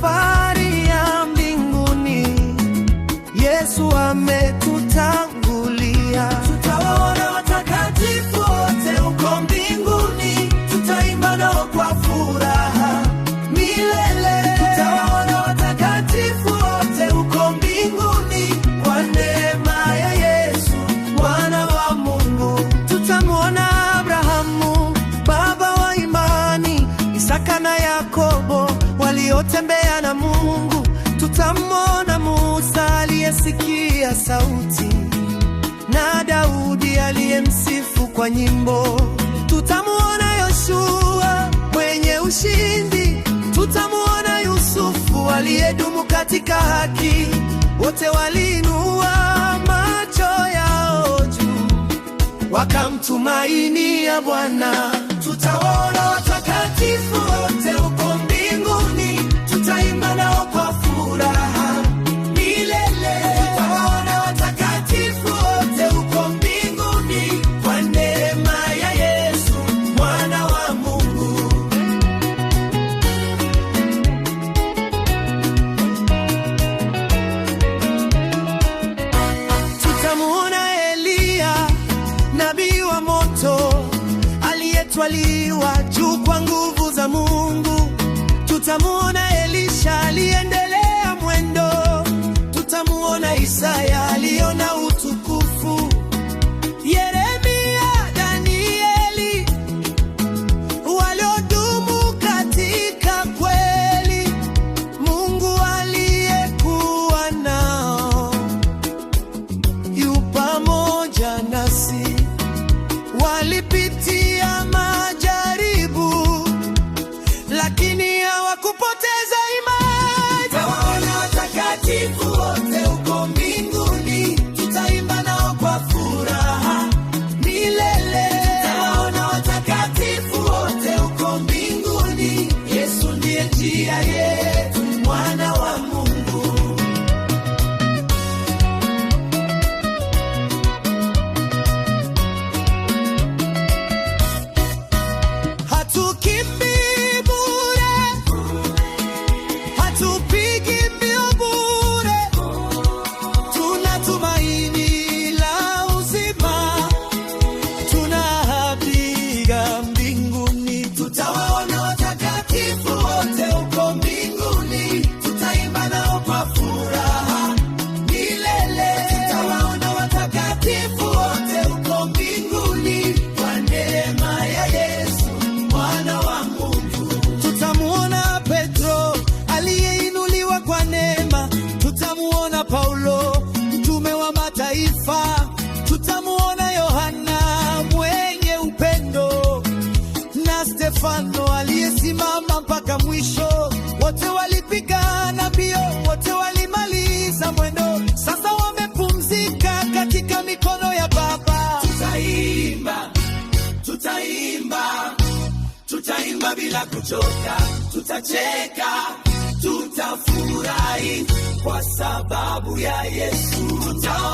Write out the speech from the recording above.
safari ya mbinguni, Yesu ametutangulia. Tutawaona watakatifu wote uko mbinguni, tutaimba nao kwa furaha milele. Tutawaona watakatifu wote uko mbinguni, kwa neema ya Yesu mwana wa Mungu. Tutamwona Abrahamu baba wa imani, Isaka na Yakobo tembea na Mungu, tutamwona Musa aliyesikia sauti na Daudi aliyemsifu kwa nyimbo, tutamwona Yoshua mwenye ushindi, tutamwona Yusufu aliyedumu katika haki. Wote waliinua macho yao juu wakamtumainia Bwana, tutaona watakatifu Tunamuona Eliya nabii wa moto aliyetwaliwa juu kwa nguvu za Mungu, tutamuona familia yetu mwana tutaimba bila kuchoka, tutacheka, tutafurahi kwa sababu ya Yesu tuta